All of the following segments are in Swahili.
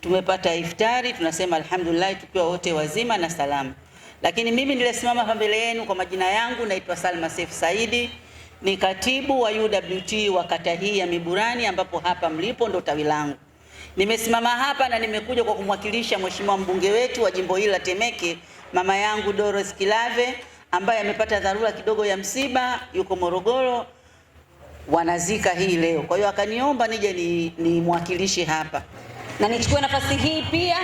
tumepata iftari, tunasema alhamdulillah tukiwa wote wazima na salama. Lakini mimi nilisimama hapa mbele yenu kwa majina yangu, naitwa Salma Saif Saidi, ni katibu wa UWT wa kata hii ya Miburani, ambapo hapa mlipo ndo tawi langu. Nimesimama hapa na nimekuja kwa kumwakilisha mheshimiwa mbunge wetu wa jimbo hili la Temeke, mama yangu Doris Kilave ambaye amepata dharura kidogo ya msiba, yuko Morogoro, wanazika hii leo. Kwa hiyo akaniomba nije ni, ni mwakilishi hapa. Na nichukue nafasi hii pia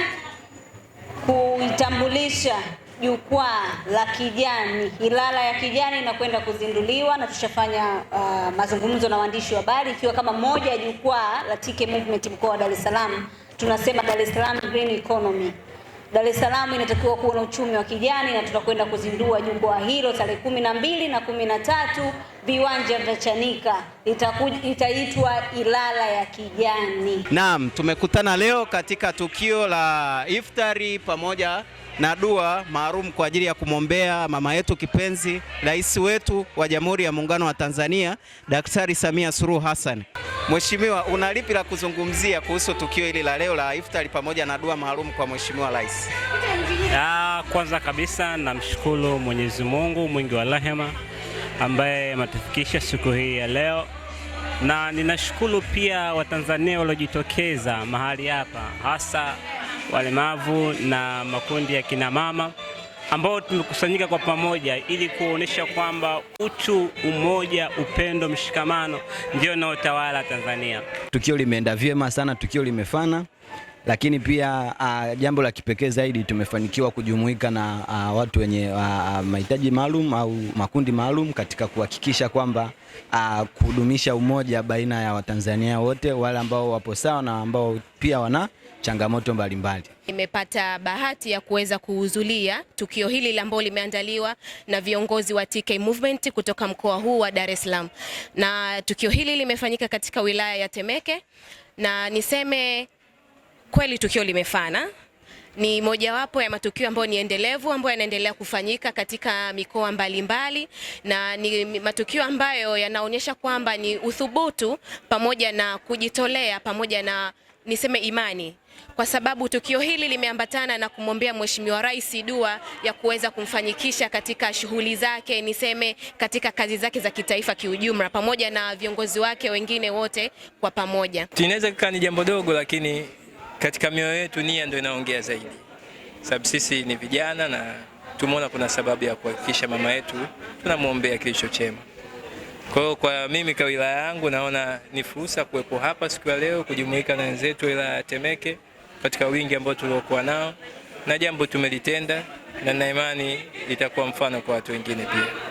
kuitambulisha jukwaa la kijani Ilala ya kijani inakwenda kuzinduliwa, na tushafanya uh, mazungumzo na waandishi wa habari, ikiwa kama moja ya jukwaa la TK Movement mkoa wa Dar es Salaam. Tunasema Dar es Salaam green economy, Dar es Salaam inatakiwa kuwa na uchumi wa kijani, na tutakwenda kuzindua jukwaa hilo tarehe kumi na mbili na kumi na tatu viwanja vya Chanika itaitwa Ilala ya Kijani. Naam, tumekutana leo katika tukio la iftari pamoja na dua maalum kwa ajili ya kumwombea mama yetu kipenzi, rais wetu wa Jamhuri ya Muungano wa Tanzania, Daktari Samia Suluhu Hassan. Mheshimiwa, una lipi la kuzungumzia kuhusu tukio hili la leo la iftari pamoja na dua maalum kwa Mheshimiwa Rais? Ya, ah, kwanza kabisa namshukuru Mwenyezi Mungu mwingi wa rehema ambaye ametufikisha siku hii ya leo, na ninashukuru pia Watanzania waliojitokeza mahali hapa, hasa walemavu na makundi ya kinamama ambao tumekusanyika kwa pamoja ili kuonyesha kwamba utu, umoja, upendo, mshikamano ndio unaotawala Tanzania. Tukio limeenda vyema sana, tukio limefana lakini pia uh, jambo la kipekee zaidi tumefanikiwa kujumuika na uh, watu wenye uh, mahitaji maalum au makundi maalum katika kuhakikisha kwamba uh, kudumisha umoja baina ya Watanzania wote wale ambao wapo sawa na ambao pia wana changamoto mbalimbali. Nimepata bahati ya kuweza kuhudhuria tukio hili ambalo limeandaliwa na viongozi wa TK Movement kutoka mkoa huu wa Dar es Salaam, na tukio hili limefanyika katika wilaya ya Temeke na niseme kweli tukio limefana ni mojawapo ya matukio ambayo ni endelevu ambayo yanaendelea kufanyika katika mikoa mbalimbali mbali, na ni matukio ambayo yanaonyesha kwamba ni uthubutu pamoja na kujitolea pamoja na niseme imani kwa sababu tukio hili limeambatana na kumwombea Mheshimiwa Rais dua ya kuweza kumfanyikisha katika shughuli zake, niseme katika kazi zake za kitaifa kiujumla, pamoja na viongozi wake wengine wote kwa pamoja. Tunaweza kika ni jambo dogo lakini katika mioyo yetu nia ndio inaongea zaidi, sababu sisi ni vijana na tumeona kuna sababu ya kuhakikisha mama yetu tunamwombea kilicho chema. Kwa hiyo kwa mimi kwa wilaya yangu naona ni fursa kuwepo hapa siku ya leo kujumuika na wenzetu wilaya ya Temeke katika wingi ambao tuliokuwa nao, na jambo tumelitenda na naimani itakuwa litakuwa mfano kwa watu wengine pia.